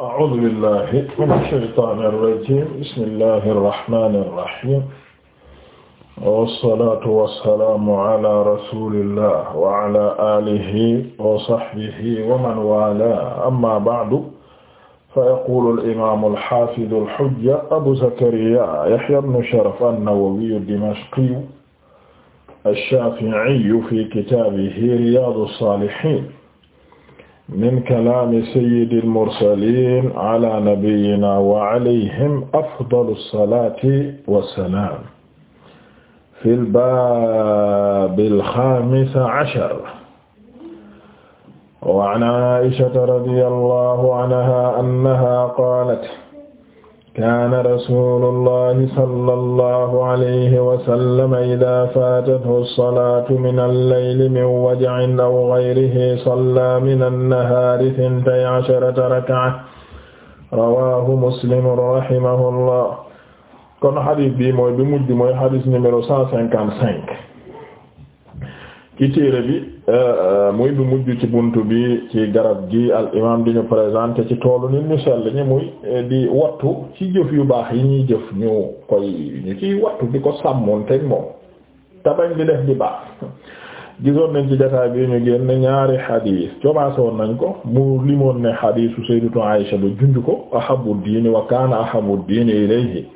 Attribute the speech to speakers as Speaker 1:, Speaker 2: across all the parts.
Speaker 1: أعوذ بالله من الشيطان الرجيم بسم الله الرحمن الرحيم والصلاة والسلام على رسول الله وعلى آله وصحبه ومن والاه أما بعد فيقول الإمام الحافظ الحجة أبو زكريا يحيى بن شرف النووي الدمشقي الشافعي في كتابه رياض الصالحين min kalaami sayyidil mursaliin ala nabiyyinaa wa alayhim afdalu salaati wa salaam. fil baabil xaamisi cashar. wa can Aa'ishata radiyallaahu canhaa annahaa qaalat. kaana rasuulullahi sallallahu alayhi wa sallam idaa faatathu salaatu minal layli min waj'in aw ghayrihi sallaa minan nahaari isnatay asharata rak'a rawaahu muslim rahimahullah kon xadis bi mooy bi mujj mooy xadis numéro cent cinquante cinq ci téere bi Euh, euh, muy bu mujj ci buntu bi ci garab gi al imam di ñu présenté ci toolu nit ñu sell ñi muy euh, di wattu ci jëf yu baax yi ñuy jëf ñu koy ñu ciy wattu di ko sàmmoon teg moom tabañ di def di baax gisoon nañ ci jotaay bi ñu génn ñaari xadiis commencé woon nañ ko mu limoon ne xadiisu sayyidatu Aisha ba junj ko ahabbu diini wa kaana ahabbu diini ilayhi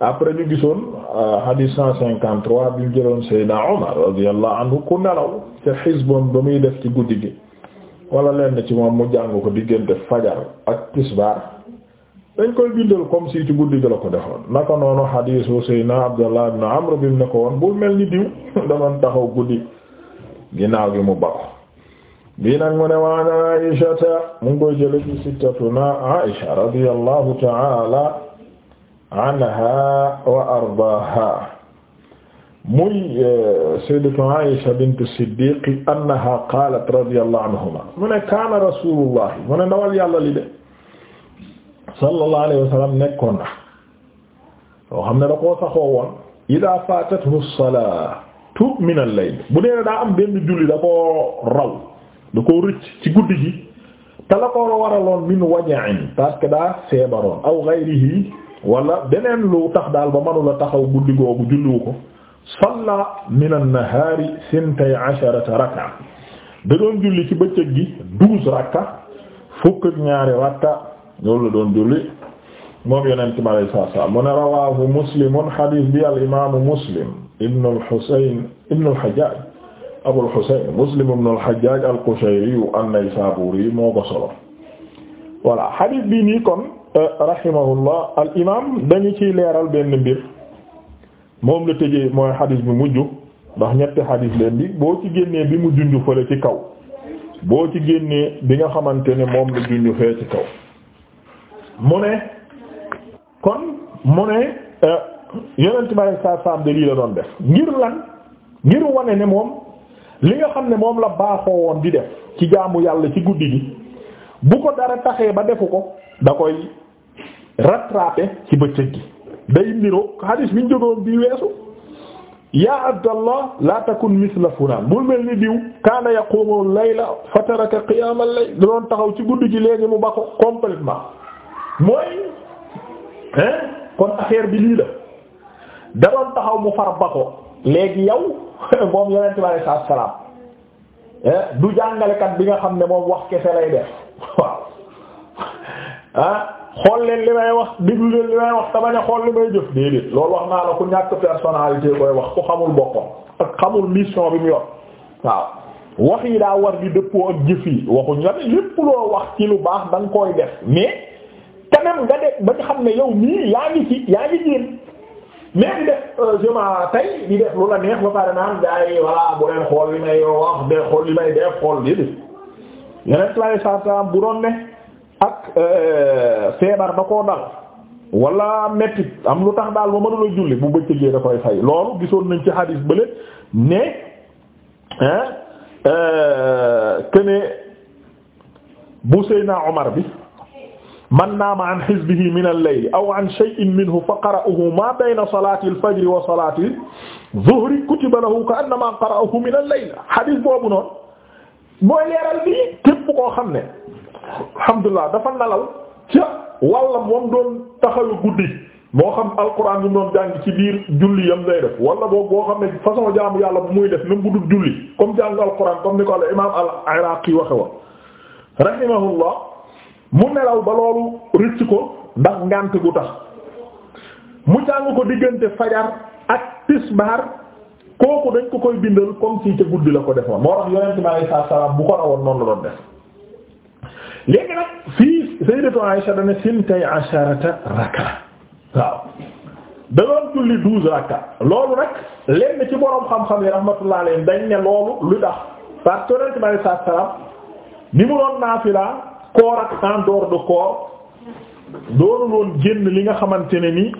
Speaker 1: après ñu gisoon euh, hadith cent cinquante trois bi jëloon Seydina Omar radiyallahu anhu ku nelaw ca xisboon ba muy def ci guddi gi wala lenn ci moom mu jàng ko diggante fajar ak tisbaar dañ koy bindal comme si ci guddi gi la ko defoon naka noonu hadithu Seydina Abdullah ibn Amr bi mu ne ko woon bul mel ni diw da taxaw guddi ginnaaw gi mu bako bii nag mu ne waan Aisha mu ngi koy jële ci sittatuna Aisha radiyallahu ta'ala anha wa ardaaha muy euh, sayyidatu Aisha bint Siddiq annaha qaalat radiyallahu anhuma mu ne kaana rasulullah mu ne ndawal yàlla li de sallallahu alayhi wa sallam nekkoon na loo xam ne da koo saxoo woon ida faatathu salaatu min al-layl bu dee daa am benn julli da koo raw da koo rëcc ci guddi gi te la ko waraloon min waja'in parce que daa feebaroon aw ghayrihi wala beneen lu tax daal ba mënula taxaw guddi googu julliwu ko salla min an-nahaari sintay asharata raka da doon julli ci bëccëg gi douze rakka fukk ak ñaari rakka la doon julli moo yonent mi alayhi salaatu salaam mu ne rawaahu muslimun hadith bi al imaamu muslim ibn al-Husayn ibn Abu al-Husayn Muslim ibn al-Hajjaj al-Qushayri an-Naysaburi moo ko solo hadith bi nii kon. rahimahullah al imam dañu ciy leeral benn mbir moom la tëjee mooy xadis bi mujj ndax ñetti xadis leen bi boo ci génnee bi mu junj fële ci kaw boo ci génnee bi nga xamante ne moom la junj fee ci kaw mu ne kon mu ne euh, yonent bi alei saatu salaam de lii la doon def ngir lan ngir wane ne moom li nga xam ne moom la baaxoo woon di def ci jaamu yàlla ci guddi gi bu ko dara taxee ba defu ko da koy rattraper ci bëccëg gi day niroo hadis bi ñu jógoon bii weesu yaa abdallah la takun misla fulan bul mel ni diw kaana yaqumu layla fa taraka qiyam al da doon taxaw ci guddi gi léegi mu ba ko complètement mooy hein kon affaire bi lii la da doon taxaw mu far ba léegi yow moom yonent bi alayhi salaam du jàngalekat bi nga xam ne moom wax kese lay def waaw ah xool leen li may wax déglu leen li may wax te bañ xool li may jëf déedéet loolu wax naa la ku ñàkk personnalité koy wax ku xamul boppam ak xamul mission bi mu yor waaw wax yi daa war di dëppoo ak jëf yi waxuñ la ne lépp loo wax ci lu baax da koy def mais quand ba nga xam ne yow mii yaa ngi ci yaa euh, di def lu la neex ba pare naan gars yi bu leen xool li may wax de xool li may def xool déedéet yeneen saa yi bu doon ne. ak euh, feebar da ko dal wala mettit am lu tax daal ba mënula julli bu bëccëgee da koy fay loolu gisoon nañ ci hadis bële ne kene euh, bu Seydina Omar bi man naama an hizbihi min al-layl aw an shay'in minhu fa qara'ahu ma bayna al-fajr wa salati dhuhri kutiba lahu ka'annama qara'ahu min al-layl boobu noonu mooy leeral bi képp koo xam ne alhamdulilah dafa nalaw ca walla moom doon taxawu guddi moo xam alquran bi moom jàng ci biir julli yam lay def wala boobu boo xam ne façon jaamu yàlla bu muy def même bu dul julli comme jàng alquran comme ni ko al imaam al iraqi waxe wa rahimahullah mu nelaw ba loolu rëcc ko ndax ngànt gu tax mu jàng ko diggante fajar ak tisbaar kooku dañ ko koy bindal comme si ca guddi la ko def ma moo tax yonent bi alayhi salaam bu ko rawoon noonu la doon def léegi nag fii sayyidatu Aisha dana sintay asharata rakka waaw da julli douze rakka loolu nag lenn ci boroom xam-xam yi rahmatullah alayhi dañ ne loolu lu tax parce Yonent bi alayhi salaam ni mu doon naafila koor ak en dehors de doonu loon génn li nga xamante ne ni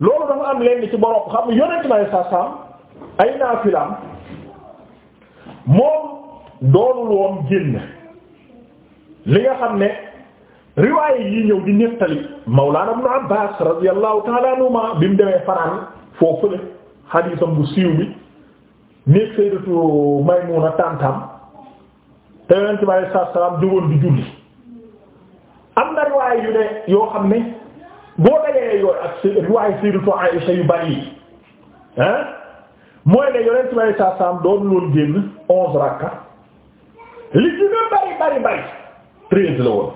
Speaker 1: loolu dafa am lenn ci borom xam Yonent bi alayhi salaam ay naafilaam moom doonu loon génn. li nga xam ne riwaay yi ñëw di nettali Mawlaana Ibnu Abbaas radiyallahu ta'ala anhuma bi mu demee Faraan foofu la xadiisam bu siiw bi néeg Sayyidatu Maymuna tàntam te Yonent bi alayhi salaatu salaam jógoon di julli am na riwaay yu ne yoo xam ne boo dajee yooyu ak riwaay Sayyidatu Aïsha yu bari yi ah mooy ne Yonent bi alayhi salaatu salaam doon loolu génn onze rakka li gën bari bari bari treize la woon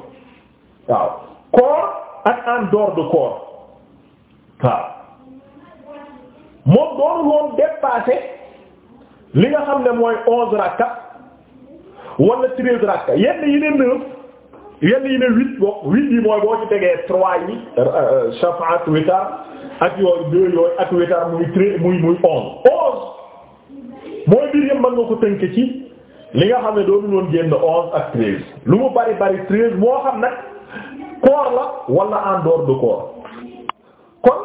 Speaker 1: waaw koor ak en dehors de koor waaw moom doonul woon dépasser li nga xam ne mooy onze rakka wala treize rakka yenn yi ne neuf yenn yi ne huit boo huit yi mooy boo ci tegee trois yi euh, shafaat witar ak yooyu deux yooyu ak witar muy treize muy muy onze onze mooy biir yëpp mën nga ko tënk ci li nga xam ne doo doon génn onze ak treize lu mu bari bari treize moo xam nag koor la wala en dehors de koor kon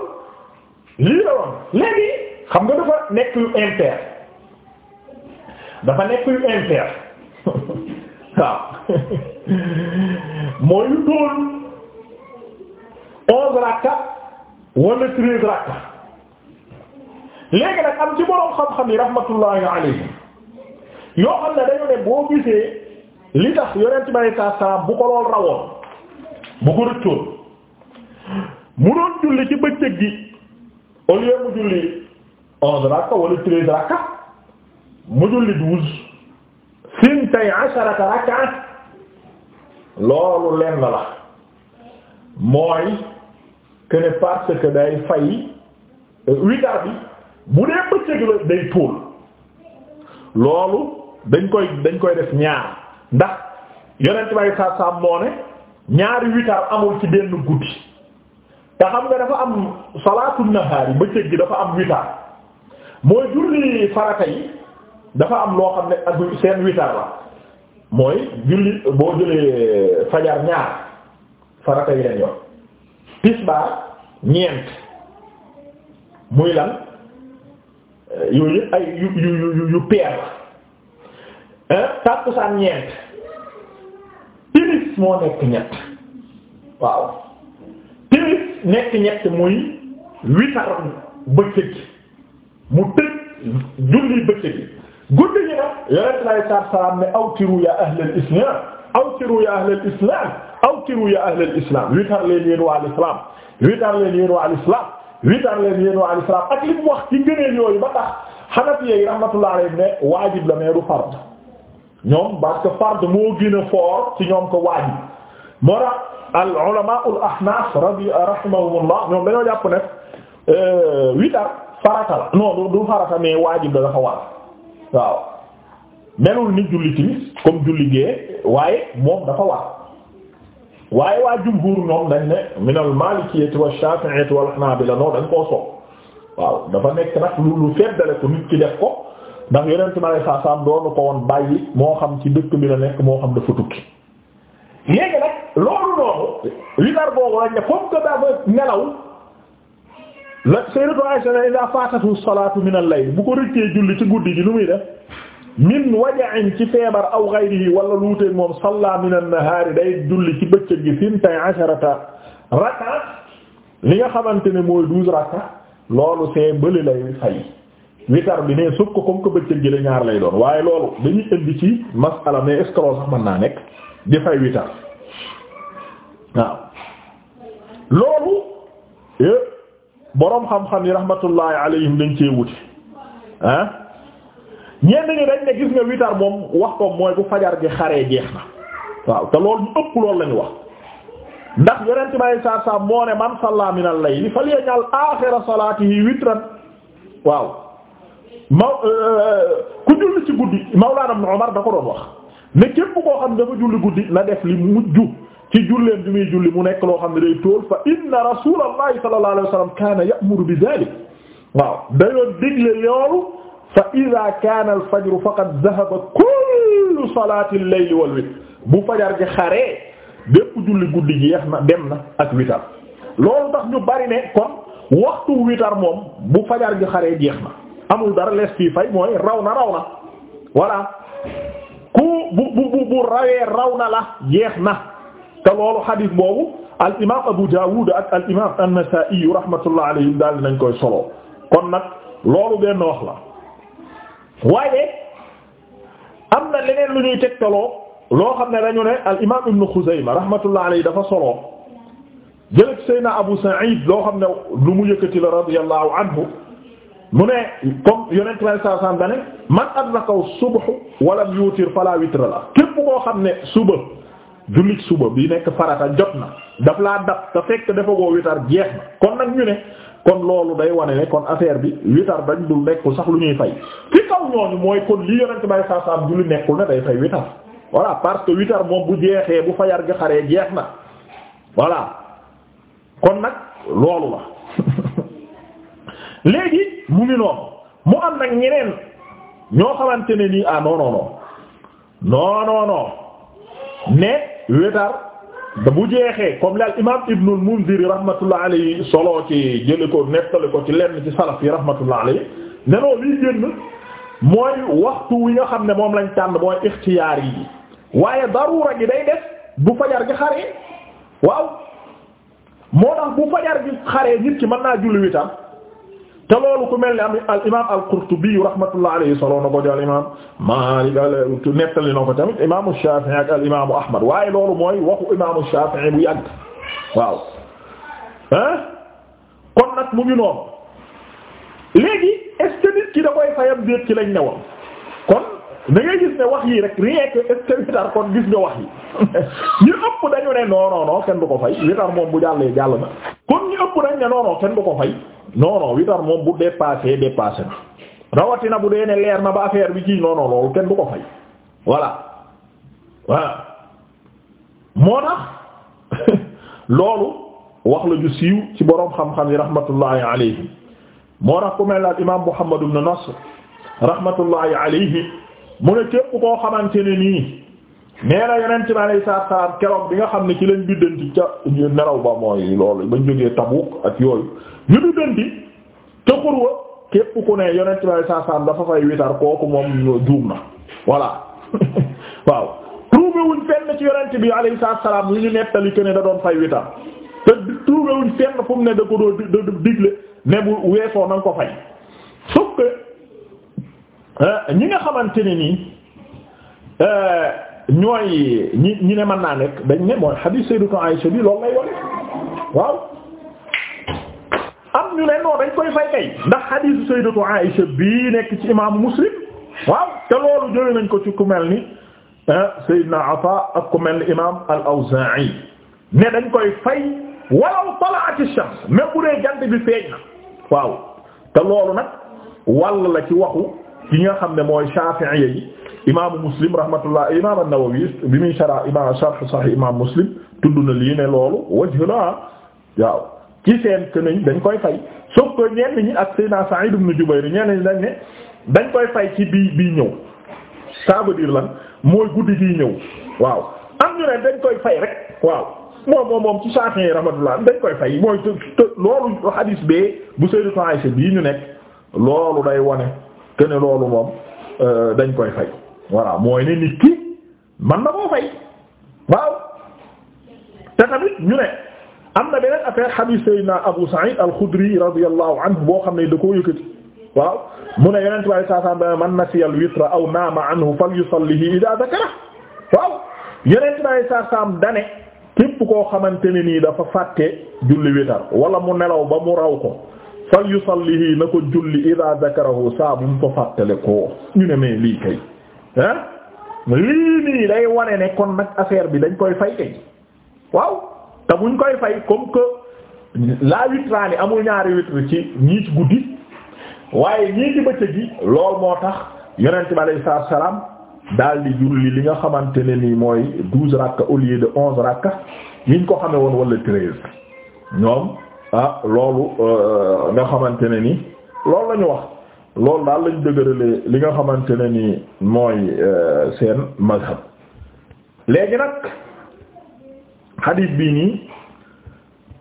Speaker 1: lii la woon léegi xam nga dafa nekk yu impair dafa nekk yu impair waaw mooy yu doon onze rakka wala treize rakka léegi nag am ci boroom xam-xam yi rahmatullahi alayhi yoo xam ne dañu ne boo gisee li tax yonent bi alayhi salaam bu ko lool rawoon bu ko rëccoon mu doon julli ci bëccëg gi au lieu mu julli onze rakka wala treize rakka mu julli douze sintay asharata rakka loolu lenn la mooy que parce que day fay witar bi bu dee bëccëg la day tóol loolu dañ koy dañ koy def ñaar ndax yonent bay saa saam am ne ñaari witar amul ci benn guddi te xam nga dafa am salaatu nahaar yi bëccëg gi dafa am witar mooy julli farata yi dafa am loo xam ne ak seen witar la mooy julli boo jëlee fajar ñaar farata yi lañ yor tisbaar ñeent muy lan yooyu yëpp ay yu yu yu yu peer tàkkusaan ñeent timis moo nekk ñett waaw timis nekk ñett muy witar bëccëg mu tëj julli bëccëg guddi gi nag yonent bi alayhi salaatu salaam awtiru ya ahlal islam awtiru ya ahlal islam awtiru ya ahlal islam witar leen yéen waa l'islam witar leen yéen waa l'islam ak li mu wax ci ngëneel yooyu ba tax Hanafi yi rahmatullahi alayhi ne waajib la mais fard ñoom parce que fard moo gën a fort ci ñoom ko waajib moo tax al ulama al ahnaf rabi rahimahumullah ñoom dañoo jàpp ne euh, farata la du farata mais waajib la dafa war waaw melul ni julli timis comme julli gee waaye moom dafa war waaye waa jumhur ñoom dañ ne min al wa shafi'iyyati wal hanabila non dañ koo sopp waaw dafa nekk nag lu lu feddale ko nit ki def ko ndax yonent ma lay saasaam doonu ko woon bàyyi moo xam ci dëkk bi la nekk moo xam dafa tukki léegi nag loolu noonu li nar boobu lañ ne comme que dafa nelaw la sayyidatu Aisha iza faatatu salaatu min al-layl bu ko rëccee julli ci guddi gi lu muy def min waja'in ci feebar aw ghayrihi wala lu wuteeg moom salla min an-nahaari day julli ci bëccëg gi sintay asharata raka li nga xamante ni mooy douze raka loolu see bëli lay fay witar bi ne suuf ko comme que bëccëg gi ñaar lay doon waaye loolu dañuy indi ci masala mais est-ce que sax mën naa nekk di fay witar waaw loolu eh, boroom xam-xam yi rahmatullahi alayhim dañ cee wuti ah ñenn ñi dañ ne gis nga witar moom wax ko mooy bu fajar gi xare jeex na waaw te loolu ñu ëpp loolu lañu wax ndax yonent may saar saar moo ne man salla min al layli falyaj'al aaxira salaatihi witran waaw ma euh, ku julli ci guddi Mawlaana Ibn Umar da ko doon wax ne képp koo xam ne dafa julli guddi na def li mujj ci julleen bi muy julli mu nekk loo xam ne day tóol fa inna rasulallahi sallallahu alayhi wa sallam kaana ya'muru bi dhalik waaw da doon digle loolu fa idha kaana al-fajru faqad dhahaba kullu salaati al-layli wal bu fajar gi xaree bépp julli guddi gi na dem na ak witar loolu tax ñu bari ne kon waxtu witar moom bu fajar gi xaree jeex na amul dara lees fii fay mooy raw na raw na voilà ku bu bu rawee raw na la jeex na te loolu xadiis boobu al imaam Abu Daawud al imaam An-Nasaa'i rahmatullah alayhi daal nañ koy solo kon nag loolu benn wax la waaye am na leneen lu ñuy tegtaloo loo xam ne dañu ne al imaam Ibn Xuzayma rahmatullah alayhi dafa solo jëlëg Seydina Abu Saïd loo xam ne lu mu yëkkati la radiyallahu anhu mu ne comme yonent bi saa saam da ne man adrakaw subhu wala yuutir fala witra la képp koo xam ne suba jullit suba bi nekk farata jot na daf laa dab te fekk dafa goo witar jeex na kon nag ñu ne kon loolu day wane ne kon affaire bi witar dañ dul nekkul sax lu ñuy fay fi kaw ñooñu mooy kon li yonent bi saa saam julli nekkul ne day fay witar voilà parce que witar moom bu jeexee bu fajar gi xaree jeex na voilà kon nag loolu la léegi mu ngi noonu mu am nag ñeneen ñoo xamante ni nii ah non non non non non ne wétar bu jeexee comme laal imam Ibnul Munzir rahmatullah alayhi solo ci jële ko nettali ko ci lenn ci salaf yi rahmatullah alayhi ne non liy génn mooy waxtu wi nga xam ne moom lañ tànn mooy ixtiyaar yi waaye daruura gi day def bu fajar gi xaree waaw moo tax bu fajar gi xaree nit ki mën naa julli witar te loolu ku mel ni al imaam al-Qurtubi rahmatullahi alayhi solo na ko ci al imaam Maalik nettali na ko tamit imaamu Shaafi'i ak al imaamu Ahmad waaye loolu mooy waxu imaamu Shaafi'i bu yàgg waaw. kon nag mu ngi noonu léegi est ce que koy fayam déet ci lañ newoon kon. da ngay gis ne wax yi rek rien que est-ce que witar kon gis nga wax yi ñu ëpp dañu ne non non kenn du ko fay witar moom bu jàllee jàll na kon ñu ëpp dañ ne non kenn du ko fay non witar moom bu dépassé dépassé na rawatina bu dee ne leer na ba affaire bi ci non non loolu kenn du ko fay voilà voilà moo tax loolu wax la ju siiw ci boroom xam-xam yi rahmatullahi alayhi moo tax ku mel al imam Muhammad ibn Nasr rahmatullahi alayhi mu ne képp koo xamante ne nii nee na yonent bi alayhi salaatu wa salaam keroog bi nga xam ne ci lañ biddanti ca nelaw ba mooy loolu bañ jógee Tabuk ak yooyu ñu biddanti ca xurwa képp ku ne yonent bi alayhi salaatu wa salaam dafa fay witar kooku moom juum na voilà waaw trouvé wuñ fenn ci yonent bi alayhi salaatu wa salaam lu ñu nettali que ne da doon fay witar te trouvé wuñ fenn fu mu ne da ko doon digle ne bu weesoo na nga ko fay sauf que Euh, ñi nga xamante ne nii euh, ñooy ñi ñi ne mën naa nekk dañ ne mooy hadith sayyidatu Aisha bi loolu lay waaw am ñu ne non dañ koy fay kay ndax hadith sayyidatu Aisha bii nekk ci imaamu Muslim waaw te loolu jëlee nañ ko ci ku mel ni Sayyidina Ataa ak ku mel ni imaam al-Awzaa'i ne dañ koy fay walaw tala'at ash-shams même bu dee jant bi feeñ na waaw te loolu nag wàll la ci waxu. ki nga xam ne mooy Shafi'i yi imaamu Muslim rahmatullah imaam an bi muy shara imaam sharh sahih imaam Muslim tudd na lii ne loolu wajhu la waaw ci seen kënañ dañ koy fay soog ko ñenn ñi ak Seydina dañ koy fay ci bii bii ñëw ça veut dire lan mooy guddi gii ñëw waaw am ñu ne dañ koy fay rek waaw moom moom moom ci Shafi'i rahmatullah dañ koy fay mooy te loolu hadis bee bu Sayyidatu Aisha bii ñu nekk loolu day wone que ne loolu moom euh, dañ koy fay voilà mooy ne nit man na koo fay waaw te tamit ñu ne am na beneen affaire hadith Seydina Abu Sa'id al-Khudri anhu boo xam ne da koo yëkkati waaw mu ne yonent bi sallallahu alayhi wa man nasiya al-witra aw naama anhu falyusallihi idha dhakara waaw yonent bi sallallahu alayhi wa sallam dane képp koo xamante ne nii dafa fàtte julli witar wala mu nelaw ba mu raw ko fal yusallihi na ko julli ida dakarahu saa bu mu ko fàttale ko ñu ne mais lii kay ah lii nii day wane ne kon nag affaire bi dañ koy fay kay waaw te buñ koy fay comme que la witraani amul ñaari witr ci ñii ci guddi waaye ñii ci bëccëg yi lool moo tax yonent bi alayhi salaatu wa daal di julli li nga xamante ne nii mooy douze rakka au lieu de onze rakka yiñ ko xame woon wala treize ñoom ah loolu euh, nga xamante ne ni loolu la ñu wax loolu daal lañ dëgërale li nga xamante ne ni mooy euh, seen mazhab léegi nag xadiis bii nii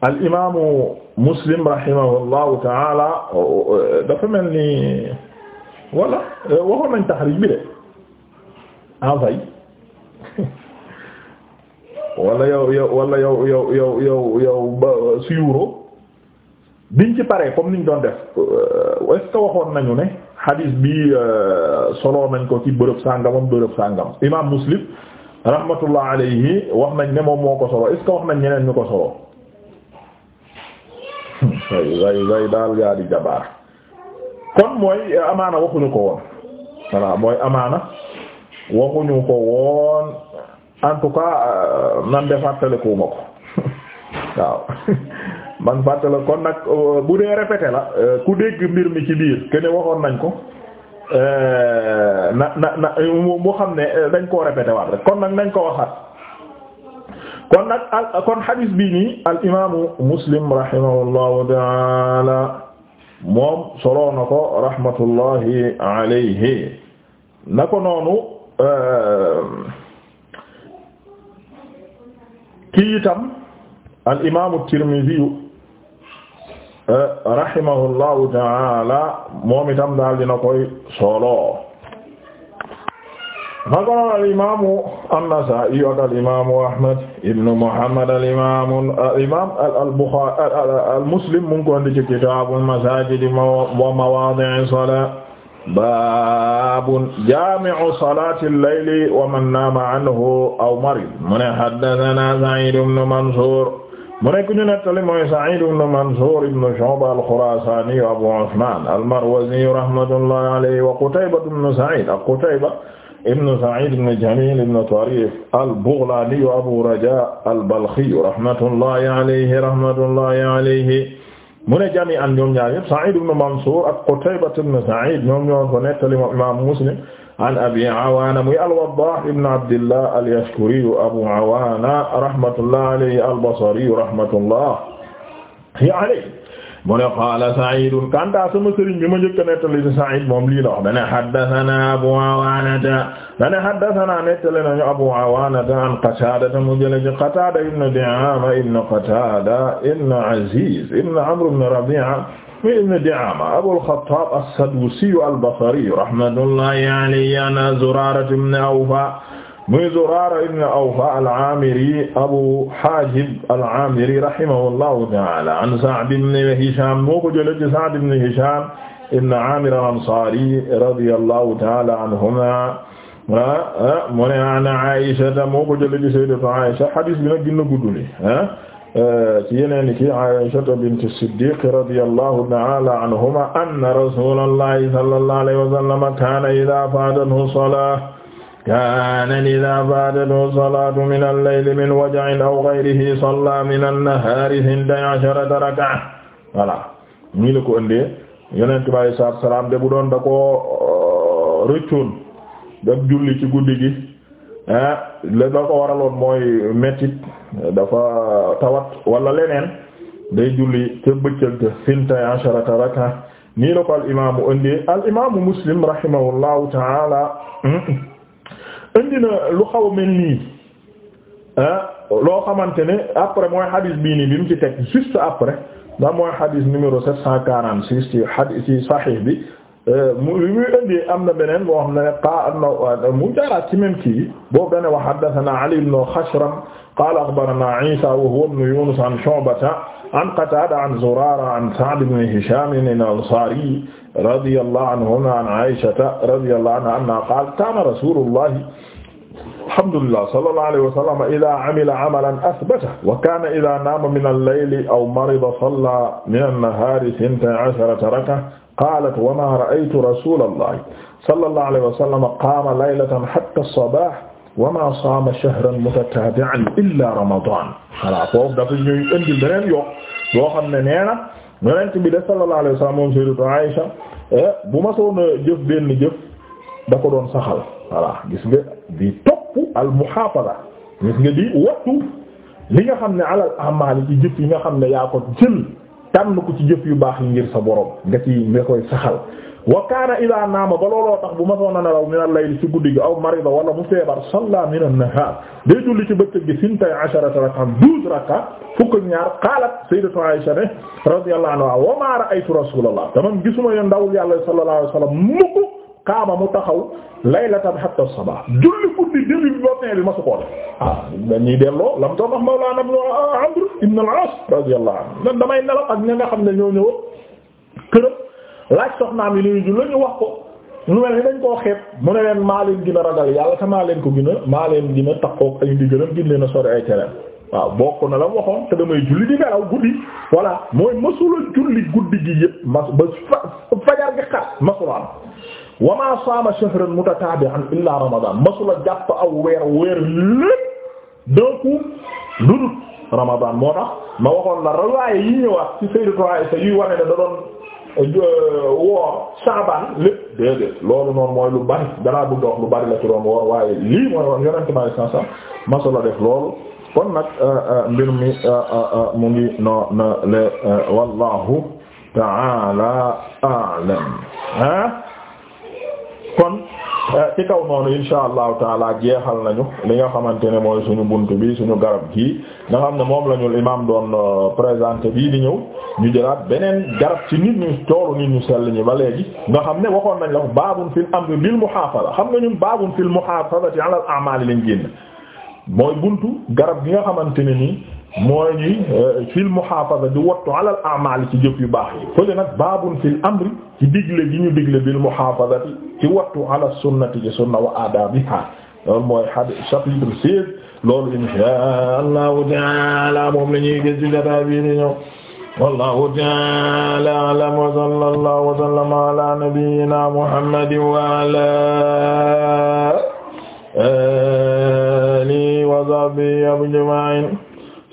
Speaker 1: al imaamu muslim rahimahullahu taala dafa mel ni wala euh, waxoon nañ taxriij bi de en fay wala yow yow wala yow yow yow yow yow ba suyuro biñ ci paree comme niñ doon def euh, est-ce que waxoon nañu ne xadis bi euh, solo nañ ko ci bërëb sàngamam bërëb sàngam imam muslim rahmatullah alayhi wax nañ ne moom moo ko solo est wax nañ ñeneen ñu ko solo way way way daal gaa di jabaar kon mooy amaana waxuñu ko woon voilà mooy amaana waxuñu ko woon en tout cas euh, nan fàttalikuwuma ko waaw man la kon nag euh, bu dee répété la euh, ku dégg mbir mi ci biir kene waxoon nañ ko euh, na na na mu xam ne dañ koo répété waat rek kon nag nañ ko waxaat kon nag al kon xadiis bi nii al imaamu muslim rahimahullahu taala moom soloo na ko rahmatullahi alayhi na ko noonu kii itam al imaamu tirmidiyu rahimahullahu taala moom itam daal dina koy solo magonoon alimamu an-Nasaa'i ak alimamu Ahmad ibn Muhammad alimamu imam al-Buxaari al-Muslim mu ngi ko indi ci kitaabul masaajidi wa mawaadi'i salaat baabun jaami'u salaatil layli wa man naama anhu aw marid mu ne haddasanaa Sa'iid ibn Mansuur mu nekk ñu nettali mooy Sa'id ibn Mansur ibn Shu'ba al-Khurasani Abu Usman al-Marwazi rahmatullahi alayhi wa Qutayba ibn Sa'id ak Qutayba ibn Sa'id ibn Jamil ibn Tarif al-Baghlani Abu Raja al-Balkhi rahmatullahi alayhi rahmatullahi alayhi mu ne jami'an ñoom ñaar yépp Sa'id ibn Mansur ak Qutayba ibn Sa'id ñoom ñoo ko nettali Imam Muslim an abi awaana muy alwaddah ibn abdillah alyashkuriyu abu awaana rahmatullah alayhi albasariyu rahmatullah alayhi mu ne qaala saidun kanta sama sëriñ bi ma njëkk a nettali si said moom lii la wax dane haddathana abu awaanata dane haddathana nettali nañu abu awaanata an qataadata mu jële ci qataada ibn di'aama ibn qataada ibn aziz ibn amr ibn rabi'a Shufay ibn Di'aama Abul Xattaab as-Sadusi al-Basri rahmatullahi alayhi an Zuraara ibn Awfa muy Zuraara ibn Awfa al-Aamiri Abu Haajib al-Aamiri rahimahullahu ta'aala an Sa'd ibn Hishaam moo ko jëlee ci Sa'd ibn Hishaam ibn Aamir al-Ansaari radiyallahu ta'aala anhumaa mu ne an Aysha moo ko jëlee ci Sayyidatu Aysha hadiis bi nag gën na gudd ci yeneen ci Aysata bint Siddiq radiyallahu ta'ala anhuma anna rasulallahi sallallahu alayhi wa sallam kana idha fadathu salah kana idha fadathu salatu min al-layli min waj'in aw ghayrihi salla min an-nahari ihda ashrata rak'a voilà ñii la ko ëndee yonent bi alayhi salaatu wa salaam de bu doon da ko euh, rëccoon daf julli ci guddi gi Ah, la da ko waraloon mooy métit dafa tawat wala leneen day julli te bëccëg te sinta asharata raka nii la ko al imaamu indi al imaamu muslim rahimahullahu taala hmm, indi na lu xaw a mel nii ah, loo xamante ne après mooy xadis bii nii bi mu ci teg juste après da mooy xadis numéro sept cent quarante six ci xadis ci saxiix bi Euh, mu li muy indi am na beneen boo xam ne qa na euh, mu jaaraat ci même kii boobu dane wa haddathana Ali ibn Khashram qala akhbarana Isa wa huwa ibn Yunus an Shu'ba an Qatada an Zurara an Sa'd ibn Hisham al-Ansari radiyallahu anhuma an Aisha radiyallahu anha anna qalat kana Rasulullah alhamdulillah sallallahu alayhi wa sallam idaa amila amalan athbatahu wa kaana idaa naama min al-layli aw marida salla min an-nahaari ithnata ashrata rak'a qaalat wa maa ra'aytu rasuulallahi sallallahu alayhi wa sallam qaama laylatan hatta as-sabaah wa maa saama shahran mutataabi'an illaa ramadaan voilà foofu dafa ñuy indil beneen yoo yoo xam ne nee na yonent bi de sallallahu alayhi wa sallam moom Sayyidatu Aïsha eh, bu ma soona jëf benn jëf da ko doon saxal voilà gis nga di topp al muhafaza gis nga di wattu li nga xam ne alal amaali ci jëf yi nga xam ne yaa ko jël tànn ko ci jëf yu baax yi ngir sa borom nga ci nga koy saxal wa kaana ila naama ba looloo tax bu ma soon a nelaw min al-layl ci guddi gi aw marida wala mu feebar salla min an-nahaar day julli ci bëccëg gi sintay asharata rak'a douze rak'a fukk ak ñaar qaalat sayyidatu Aisha radiyallahu anha wa ma ra'aytu rasulallah dama gisuma yeen ndawul yàlla sallallahu alayhi wasallam mukk kaaba mu taxaw laylatan hatta sabah julli guddi début bi ba fin bi masu koo def ah dañuy delloo lam tax mawlaana Amr ak ña nga xam ne ñoo ñëw kërëb laaj soxnaam yi wax ko ñu mel ni dañ koo mu ne leen maa leen gën a yàlla te leen ko gën a maa leen gën a takkook ay ndigalam gën leen a ay tereem waaw bokk la waxoon te damay julli di nelaw guddi voilà mooy masula julli guddi gi yëpp mas fajar gi xar masula wa ma saama shahran mutatabi'an illa ramadan masula jàpp aw weer weer lépp d'un coup lu moo tax ma waxoon la riwaaya yi ñëwaat ci sayyidatu Aisha yuy wane ne da doon euh, woor Shaaban lépp déedéet loolu noonu mooy lu bari danaa bëgg wax lu bari la ci doon woor waaye lii mooy woon yonente ma sa sa masula def loolu kon nag euh, euh, mbir mi mu ngi no na le wallahu ta'ala a'lam ah Euh, ci kaw noonu insha allahu taala jeexal nañu li nga xamante ne mooy suñu bunt bi suñu garab gii nga xam ne moom la ñu imaam doon euh, présenté bii di ñëw ñu jëlaat beneen garab ci nit ñu toolu nit ñu sell ñi ba léegi nga xam ne waxoon nañ la ko baabun am amri bil muhafaza xam nga ñun baabun fil muhafazati ala al a'mal lañ génn mooy buntu garab gi nga xamante ne nii mooy ñuy euh, fil muhafaza di wattu alal amaal ci jëf yu baax yi fële nag baabun fil amri ci digle gi ñu digle bil muhafazati ci wattu ala sunnati ci sunna wa adabiha loolu mooy hadith chapitre 16 loolu insha allahu taala moom la ñuy gis ci dara bi ni ñëw wallahu taala alam wa sallallahu wa sallama ala nabiyyina muhammadin wa ala alihi wa sahbihi ajma'in